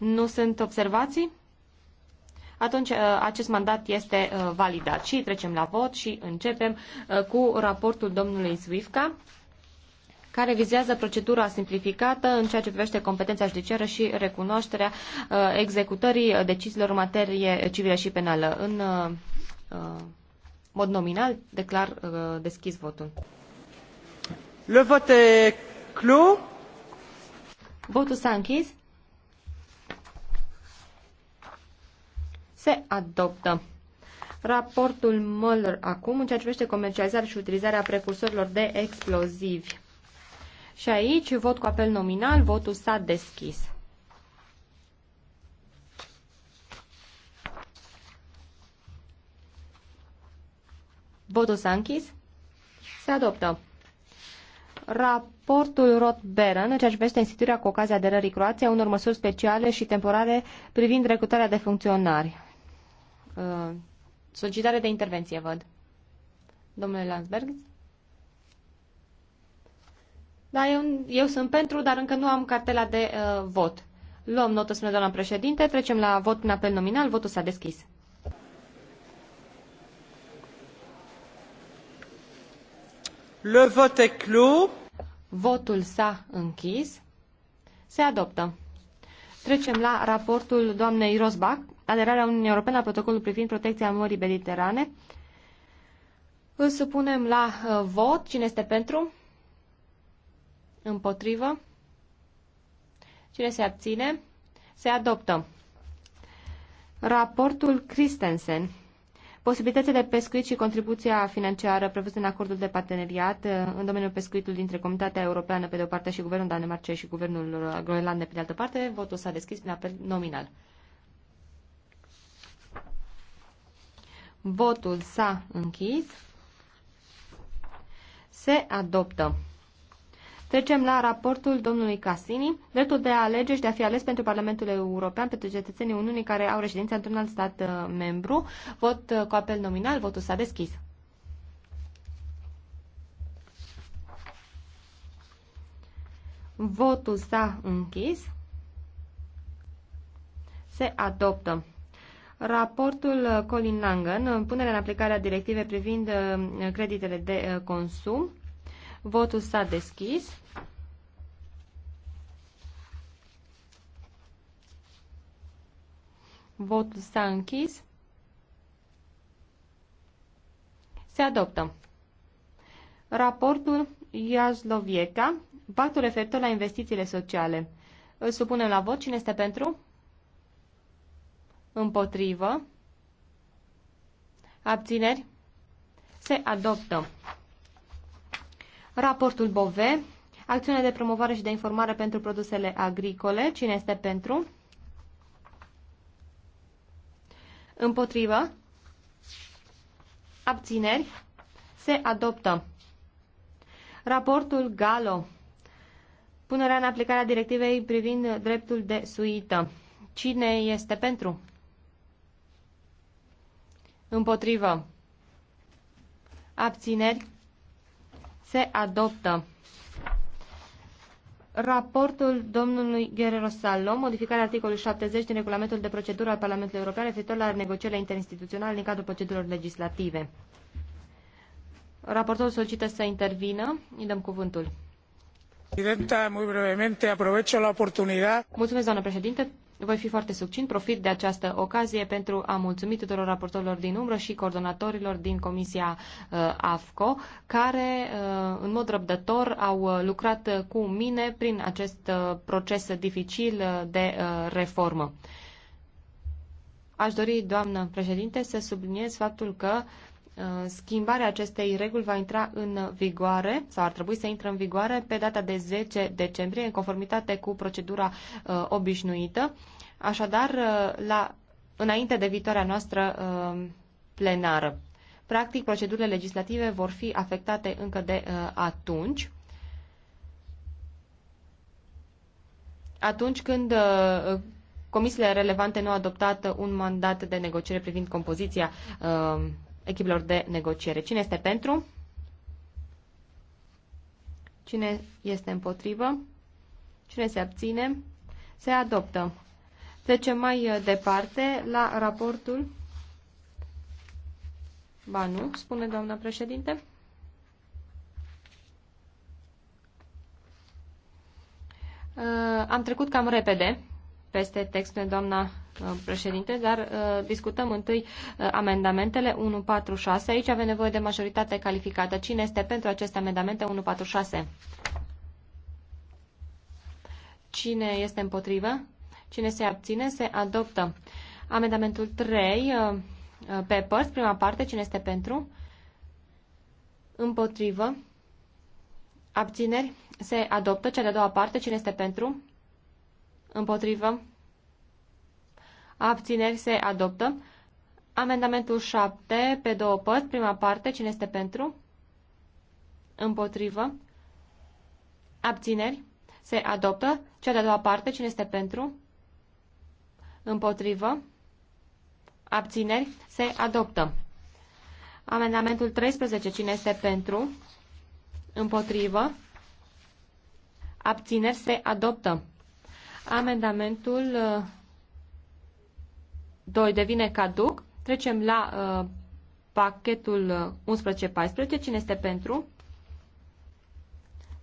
Nu sunt observații? Atunci uh, acest mandat este uh, validat și trecem la vot și începem uh, cu raportul domnului Zwifka care vizează procedura simplificată în ceea ce privește competența judiciară și recunoașterea executării deciziilor în materie civilă și penală. În mod nominal declar deschis votul. Le vote est clos. Votul s-a închis. se adoptă. Raportul Muller acum în ceea ce privește comercializarea și utilizarea precursorilor de explozivi. Și aici vot cu apel nominal, votul s-a deschis. Votul s-a închis. Se adoptă. Raportul roth beran în ceea ce privește instituirea cu ocazia aderării Croației, unor măsuri speciale și temporare privind recrutarea de funcționari. Uh, solicitare de intervenție, văd. Domnule Landsberg? Da, eu, eu sunt pentru, dar încă nu am cartela de uh, vot. Luăm notă, spune doamna președinte, trecem la vot în apel nominal, votul s-a deschis. Le vot e clos. Votul s-a închis. Se adoptă. Trecem la raportul doamnei Rosbach, aderarea Uniunii Europene la protocolul privind protecția Mării Mediterane. Îl supunem la uh, vot. Cine este pentru? Împotrivă? Cine se abține? Se adoptă. Raportul Christensen. Posibilitățile de pescuit și contribuția financiară prevăzută în acordul de parteneriat uh, în domeniul pescuitului dintre Comunitatea Europeană pe de o parte și Guvernul Danemarcei și Guvernul uh, Groenlandei pe de altă parte. Votul s-a deschis prin apel nominal. Votul s-a închis. Se adoptă. Trecem la raportul domnului Casini, dreptul de a alege și de a fi ales pentru Parlamentul European pentru cetățenii Uniunii care au reședința într-un alt stat uh, membru. Vot uh, cu apel nominal, votul s-a deschis. Votul s-a închis. Se adoptă. Raportul uh, Colin Langan, în punerea în aplicare a directivei privind uh, creditele de uh, consum. Votul s-a deschis. Votul s-a închis. Se adoptă. Raportul Iazlovieca, pactul referitor la investițiile sociale. Îl supunem la vot. Cine este pentru? Împotrivă. Abțineri. Se adoptă. Raportul BOVE. Acțiune de promovare și de informare pentru produsele agricole. Cine este pentru? Împotrivă. Abțineri. Se adoptă. Raportul GALO. Punerea în aplicare a directivei privind dreptul de suită. Cine este pentru? Împotrivă. Abțineri. Se adoptă. Raportul domnului Guerrero Salom, modificarea articolului 70 din regulamentul de procedură al Parlamentului European referitor la negocierile interinstituționale în cadrul procedurilor legislative. Raportorul solicită să intervină. Îi dăm cuvântul. Presidenta, muy brevemente, aprovecho la oportunidad. Mulțumesc, doamnă președinte. Voi fi foarte succint, profit de această ocazie pentru a mulțumi tuturor raportorilor din umbră și coordonatorilor din Comisia uh, AFCO, care uh, în mod răbdător au uh, lucrat cu mine prin acest proces dificil de reformă. Aș dori, doamnă președinte, să subliniez faptul că uh, Uh, schimbarea acestei reguli va intra în vigoare sau ar trebui să intre în vigoare pe data de 10 decembrie în conformitate cu procedura uh, obișnuită. Așadar, uh, la, înainte de viitoarea noastră uh, plenară. Practic, procedurile legislative vor fi afectate încă de uh, atunci. Atunci când uh, comisiile relevante nu au adoptat un mandat de negociere privind compoziția uh, echipelor de negociere. Cine este pentru? Cine este împotrivă? Cine se abține? Se adoptă. Trecem mai uh, departe la raportul. Ba nu, spune doamna președinte. Uh, am trecut cam repede peste textul doamna uh, președinte, dar uh, discutăm întâi uh, amendamentele 146. Aici avem nevoie de majoritate calificată. Cine este pentru aceste amendamente 146? Cine este împotrivă? Cine se abține? Se adoptă. Amendamentul 3, pe părți, prima parte, cine este pentru? Împotrivă. Abțineri. Se adoptă. Cea de-a doua parte, cine este pentru? Împotrivă. Abțineri se adoptă. Amendamentul 7 pe două părți, prima parte, cine este pentru? Împotrivă. Abțineri se adoptă. Cea de-a doua parte, cine este pentru? Împotrivă. Abțineri se adoptă. Amendamentul 13, cine este pentru? Împotrivă. Abțineri se adoptă. Amendamentul 2 uh, devine caduc. Trecem la uh, pachetul 11-14. Uh, Cine este pentru?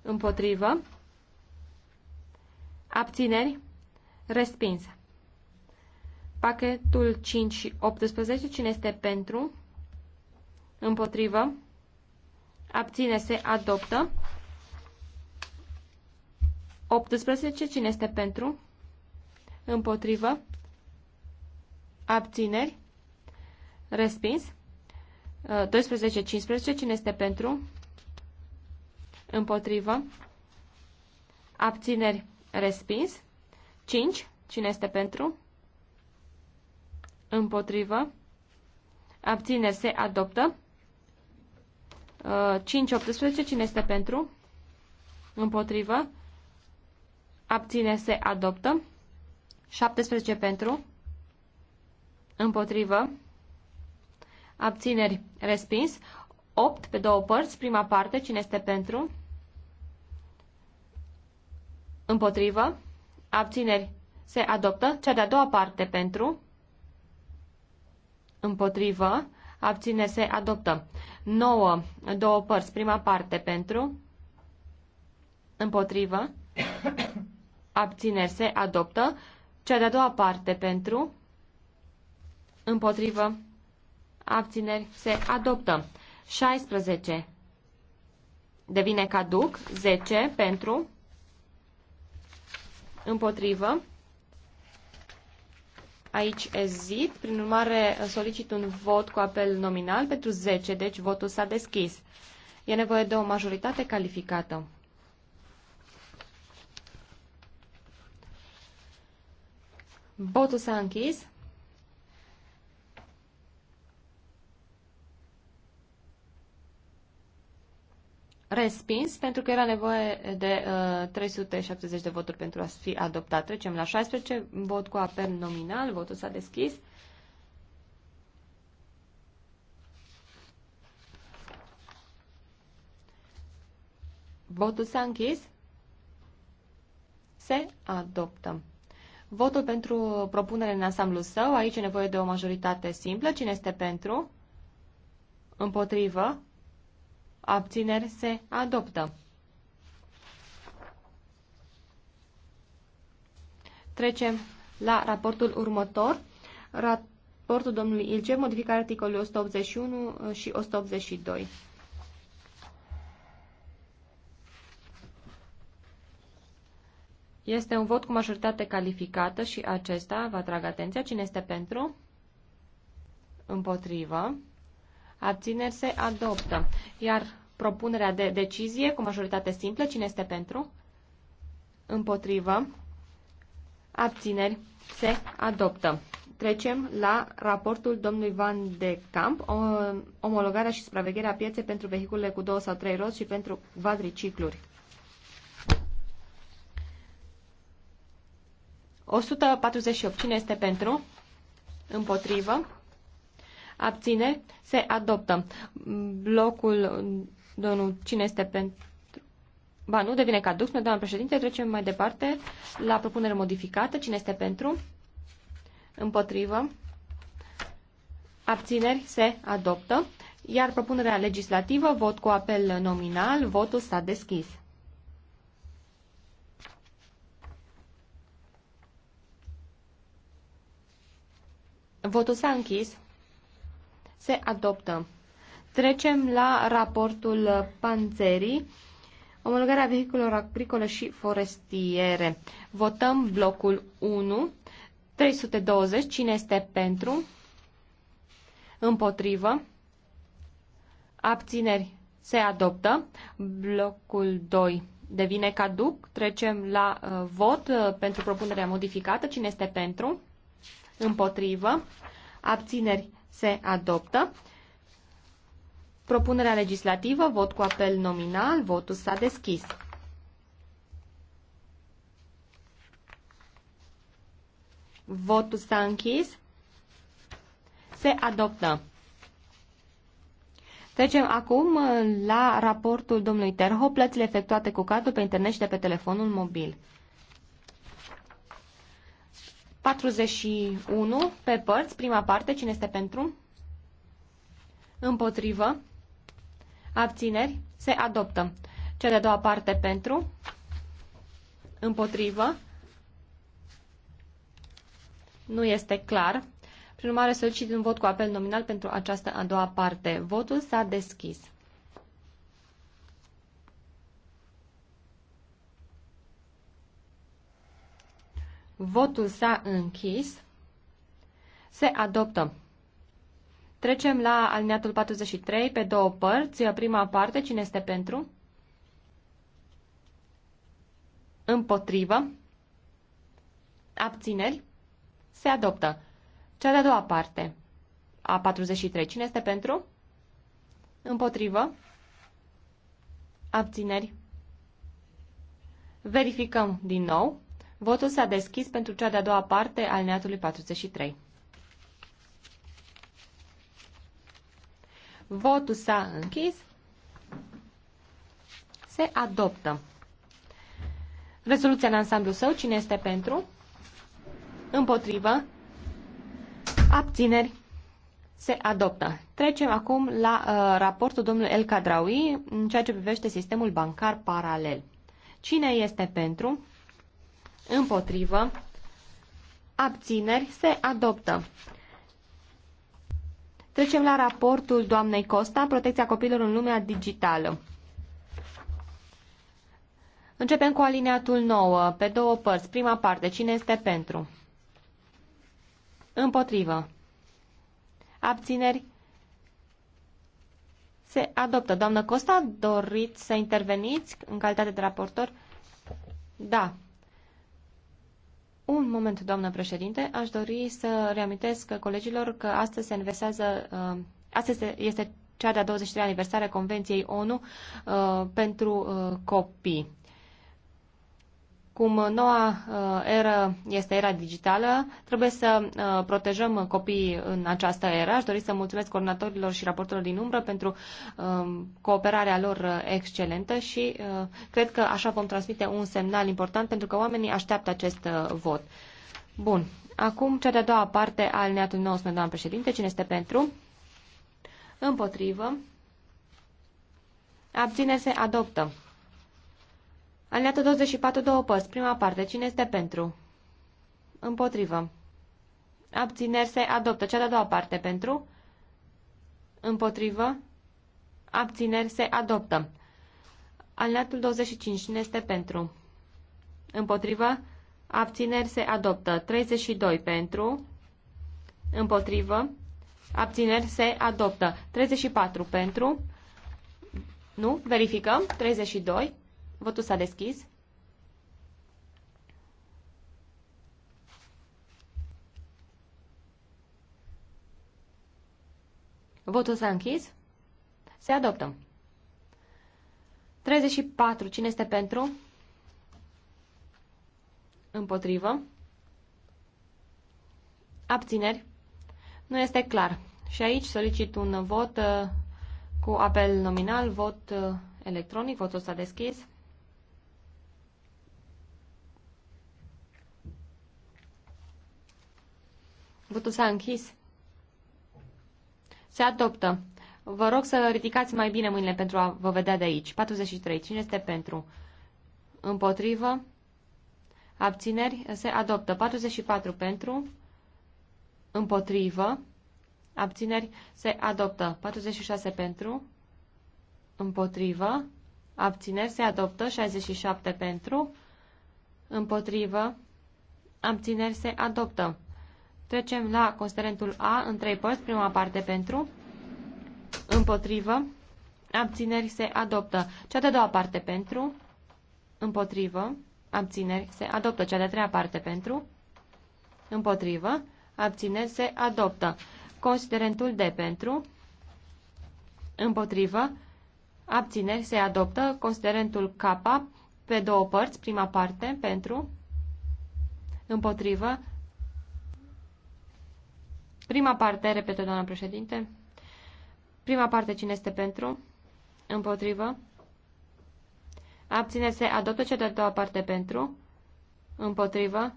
Împotrivă. Abțineri. Respins. Pachetul 5 și 18. Cine este pentru? Împotrivă. Abține se adoptă. 18. Cine este pentru? Împotrivă. Abțineri. Respins. 12. 15. Cine este pentru? Împotrivă. Abțineri. Respins. 5. Cine este pentru? Împotrivă. Abțineri. Se adoptă. 5. 18. Cine este pentru? Împotrivă abține, se adoptă. 17 pentru, împotrivă, abțineri, respins. 8 pe două părți, prima parte, cine este pentru, împotrivă, abțineri, se adoptă. Cea de-a doua parte pentru, împotrivă, abține, se adoptă. 9, două părți, prima parte pentru, împotrivă, abțineri se adoptă. Cea de-a doua parte pentru, împotrivă, abțineri se adoptă. 16 devine caduc, 10 pentru, împotrivă, aici ezit, prin urmare solicit un vot cu apel nominal pentru 10, deci votul s-a deschis. E nevoie de o majoritate calificată. Votul s-a închis. Respins, pentru că era nevoie de uh, 370 de voturi pentru a fi adoptat. Trecem la 16, vot cu apel nominal, votul s-a deschis. Votul s-a închis. Se adoptă. Votul pentru propunere în ansamblu său, aici e nevoie de o majoritate simplă. Cine este pentru? Împotrivă? Abțineri se adoptă. Trecem la raportul următor. Raportul domnului Ilce, modificarea articolului 181 și 182. Este un vot cu majoritate calificată și acesta, vă atrag atenția, cine este pentru? Împotrivă. Abțineri se adoptă. Iar propunerea de decizie cu majoritate simplă, cine este pentru? Împotrivă. Abțineri se adoptă. Trecem la raportul domnului Van de Camp, omologarea și supravegherea pieței pentru vehicule cu două sau trei roți și pentru quadricicluri. 148. Cine este pentru? Împotrivă. Abține. Se adoptă. Blocul, domnul, cine este pentru? Ba, nu devine caduc, spune doamna președinte. Trecem mai departe la propunere modificată. Cine este pentru? Împotrivă. Abțineri se adoptă. Iar propunerea legislativă, vot cu apel nominal, votul s-a deschis. Votul s-a închis. Se adoptă. Trecem la raportul panțerii, omologarea vehiculelor agricole și forestiere. Votăm blocul 1, 320, cine este pentru, împotrivă, abțineri, se adoptă, blocul 2 devine caduc, trecem la uh, vot uh, pentru propunerea modificată, cine este pentru, Împotrivă. Abțineri se adoptă. Propunerea legislativă, vot cu apel nominal, votul s-a deschis. Votul s-a închis. Se adoptă. Trecem acum la raportul domnului Terho, plățile efectuate cu cardul pe internet și de pe telefonul mobil. 41 pe părți, prima parte, cine este pentru? Împotrivă. Abțineri. Se adoptă. Cea de-a doua parte pentru. Împotrivă. Nu este clar. Prin urmare, solicit un vot cu apel nominal pentru această a doua parte. Votul s-a deschis. Votul s-a închis. Se adoptă. Trecem la alineatul 43 pe două părți. Prima parte, cine este pentru? Împotrivă. Abțineri. Se adoptă. Cea de-a doua parte a 43. Cine este pentru? Împotrivă. Abțineri. Verificăm din nou. Votul s-a deschis pentru cea de-a doua parte al neatului 43. Votul s-a închis. Se adoptă. Rezoluția în ansamblu său, cine este pentru? Împotrivă. Abțineri. Se adoptă. Trecem acum la uh, raportul domnului El Cadraui în ceea ce privește sistemul bancar paralel. Cine este pentru? Împotrivă. Abțineri. Se adoptă. Trecem la raportul doamnei Costa, protecția copilor în lumea digitală. Începem cu alineatul 9, pe două părți. Prima parte, cine este pentru? Împotrivă. Abțineri. Se adoptă. Doamnă Costa, doriți să interveniți în calitate de raportor? Da. Un moment, doamnă președinte, aș dori să reamintesc colegilor că astăzi se aniversează, uh, astăzi este cea de-a 23-a aniversare a Convenției ONU uh, pentru uh, copii cum noua uh, era, este era digitală, trebuie să uh, protejăm copiii în această era. Aș dori să mulțumesc coordonatorilor și raportorilor din umbră pentru um, cooperarea lor uh, excelentă și cred că așa vom transmite un semnal important pentru că oamenii așteaptă acest vot. Bun. Acum cea de-a doua parte al neatului 19, doamnă președinte. Cine este pentru? Împotrivă. Abține se adoptă. Alineatul 24, două părți. Prima parte. Cine este pentru? Împotrivă. Abțineri se adoptă. Cea de-a doua parte. Pentru? Împotrivă. Abțineri se adoptă. Alineatul 25. Cine este pentru? Împotrivă. Abțineri se adoptă. 32 pentru. Împotrivă. Abțineri se adoptă. 34 pentru. Nu? Verificăm. 32. Votul s-a deschis. Votul s-a închis. Se adoptă. 34. Cine este pentru? Împotrivă. Abțineri. Nu este clar. Și aici solicit un vot uh, cu apel nominal, vot uh, electronic. Votul s-a deschis. Votul s-a închis. Se adoptă. Vă rog să ridicați mai bine mâinile pentru a vă vedea de aici. 43. Cine este pentru? Împotrivă. Abțineri. Se adoptă. 44 pentru. Împotrivă. Abțineri. Se adoptă. 46 pentru. Împotrivă. Abțineri. Se adoptă. 67 pentru. Împotrivă. Abțineri. Se adoptă. Trecem la considerentul A în trei părți. Prima parte pentru, împotrivă, abțineri se adoptă. Cea de-a doua parte pentru, împotrivă, abțineri se adoptă. Cea de-a treia parte pentru, împotrivă, abțineri se adoptă. Considerentul D pentru, împotrivă, abțineri se adoptă. Considerentul K pe două părți, prima parte pentru, împotrivă, Prima parte, repetă doamna președinte. Prima parte, cine este pentru? Împotrivă. Abține, se adoptă cea de-a doua parte pentru. Împotrivă.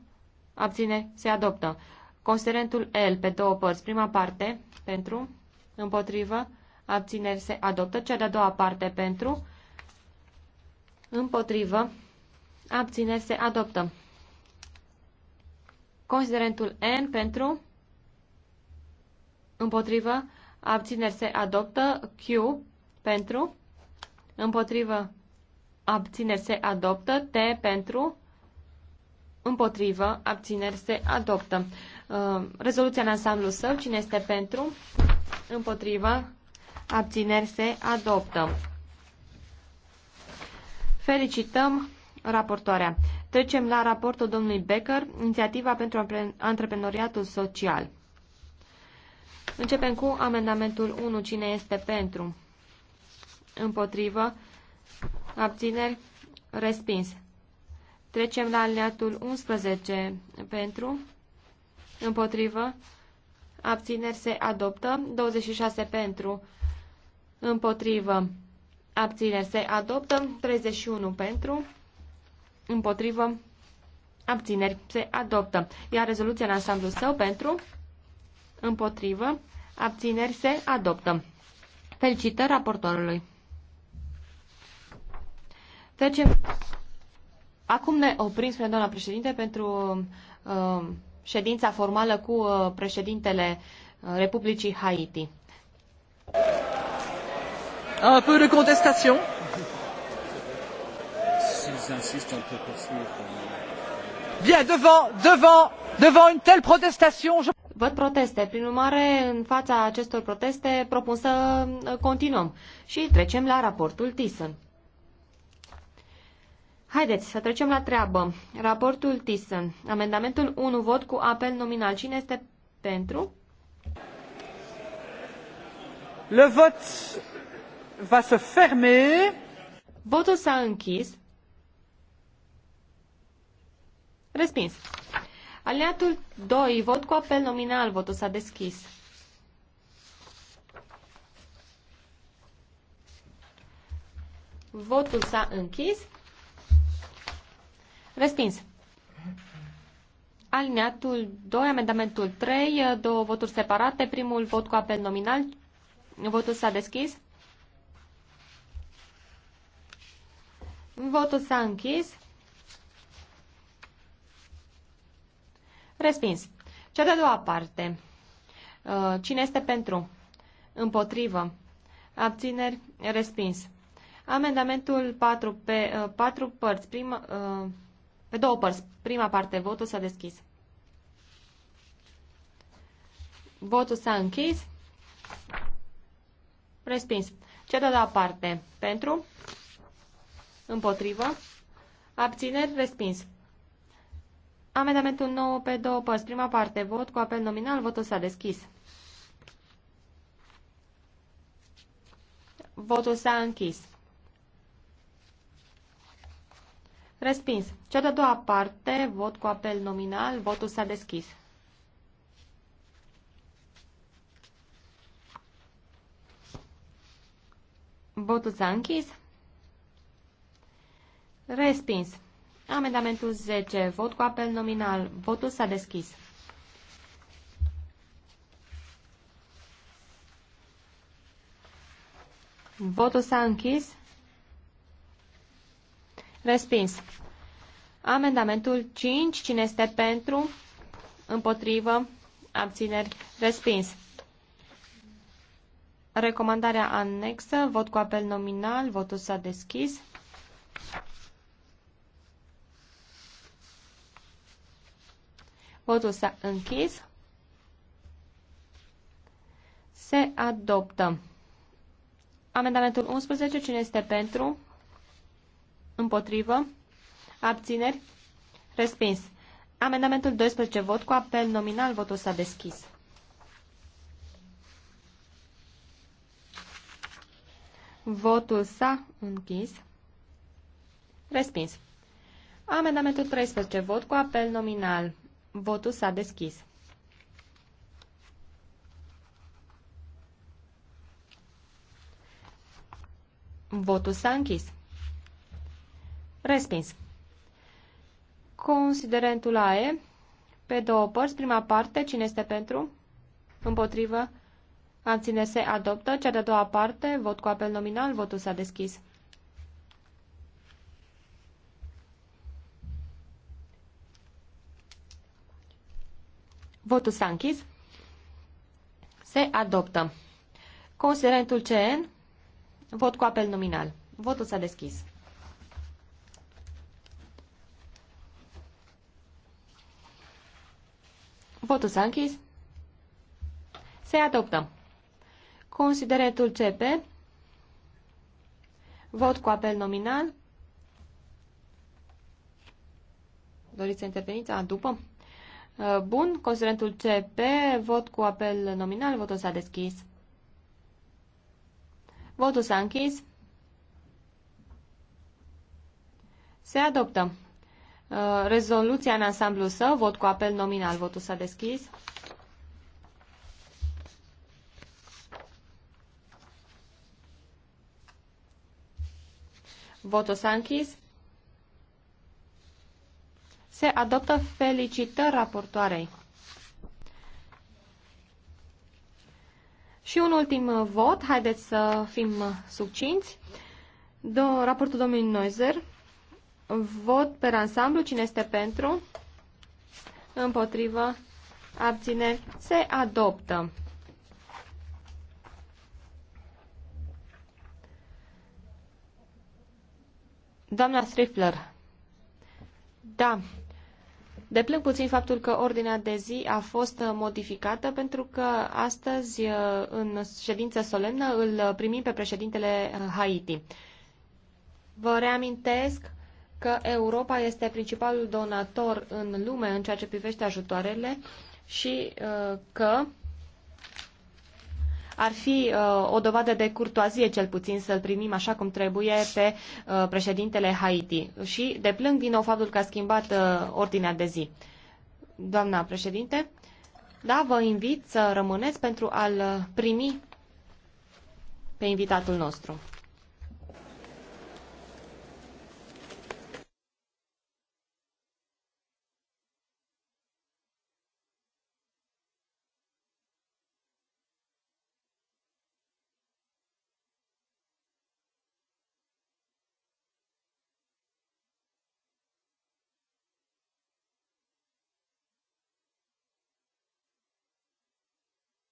Abține, se adoptă. Considerentul L pe două părți. Prima parte, pentru. Împotrivă. abține se adoptă. Cea de-a doua parte pentru. Împotrivă. abține se adoptă. Considerentul N pentru împotrivă, abțineri se adoptă, Q pentru, împotrivă, abțineri se adoptă, T pentru, împotrivă, abțineri se adoptă. Uh, rezoluția în ansamblu său, cine este pentru, împotrivă, abțineri se adoptă. Felicităm raportoarea. Trecem la raportul domnului Becker, inițiativa pentru antreprenoriatul social. Începem cu amendamentul 1. Cine este pentru? Împotrivă. Abțineri. Respins. Trecem la alineatul 11. Pentru. Împotrivă. Abțineri se adoptă. 26 pentru. Împotrivă. Abțineri se adoptă. 31 pentru. Împotrivă. Abțineri se adoptă. Iar rezoluția în ansamblu său pentru împotrivă, abțineri se adoptă. Felicitări raportorului. Trecem. Acum ne oprim, spune doamna președinte, pentru uh, ședința formală cu uh, președintele uh, Republicii Haiti. Un peu de contestation. Bien, devant, devant, devant une telle protestation, je... Văd proteste. Prin urmare, în fața acestor proteste, propun să uh, continuăm. Și trecem la raportul Thyssen. Haideți să trecem la treabă. Raportul Thyssen. Amendamentul 1. Vot cu apel nominal. Cine este pentru? Le vot va se ferme. Votul s-a închis. Respins. Aliatul 2, vot cu apel nominal, votul s-a deschis. Votul s-a închis. Respins. Alineatul 2, amendamentul 3, două voturi separate, primul vot cu apel nominal, votul s-a deschis. Votul s-a închis. Respins. Cea de-a doua parte. Uh, cine este pentru? Împotrivă. Abțineri. Respins. Amendamentul 4 pe 4 uh, părți. Prima, uh, pe două părți. Prima parte. Votul s-a deschis. Votul s-a închis. Respins. Cea de-a doua parte. Pentru. Împotrivă. Abțineri. Respins. Amendamentul 9 pe două părți. Prima parte, vot cu apel nominal, votul s-a deschis. Votul s-a închis. Respins. Cea de-a doua parte, vot cu apel nominal, votul s-a deschis. Votul s-a închis. Respins. Amendamentul 10. Vot cu apel nominal. Votul s-a deschis. Votul s-a închis. Respins. Amendamentul 5. Cine este pentru? Împotrivă? Abțineri? Respins. Recomandarea anexă. Vot cu apel nominal. Votul s-a deschis. Votul s-a închis. Se adoptă. Amendamentul 11. Cine este pentru? Împotrivă? Abțineri? Respins. Amendamentul 12. Vot cu apel nominal. Votul s-a deschis. Votul s-a închis. Respins. Amendamentul 13. Vot cu apel nominal. Votul s-a deschis. Votul s-a închis. Respins. Considerentul AE, pe două părți, prima parte, cine este pentru? Împotrivă. Abține se adoptă. Cea de-a doua parte, vot cu apel nominal, votul s-a deschis. Votul s-a închis. Se adoptă. Considerentul CN, vot cu apel nominal. Votul s-a deschis. Votul s-a închis. Se adoptă. Considerentul CP, vot cu apel nominal. Doriți să interveniți? A, după? Uh, bun, considerentul CP, vot cu apel nominal, votul s-a deschis. Votul s-a închis. Se adoptă. Uh, rezoluția în ansamblu să, vot cu apel nominal, votul s-a deschis. Votul s-a închis se adoptă felicitări raportoarei. Și un ultim uh, vot, haideți să fim uh, succinți. Do raportul domnului Noizer, vot pe ansamblu, cine este pentru, împotrivă, abține, se adoptă. Doamna Strifler, da, Deplâng puțin faptul că ordinea de zi a fost uh, modificată pentru că astăzi, uh, în ședință solemnă, îl uh, primim pe președintele Haiti. Vă reamintesc că Europa este principalul donator în lume în ceea ce privește ajutoarele și că ar fi uh, o dovadă de curtoazie cel puțin să-l primim așa cum trebuie pe uh, președintele Haiti. Și deplâng din nou faptul că a schimbat uh, ordinea de zi. Doamna președinte, da, vă invit să rămâneți pentru a-l primi pe invitatul nostru.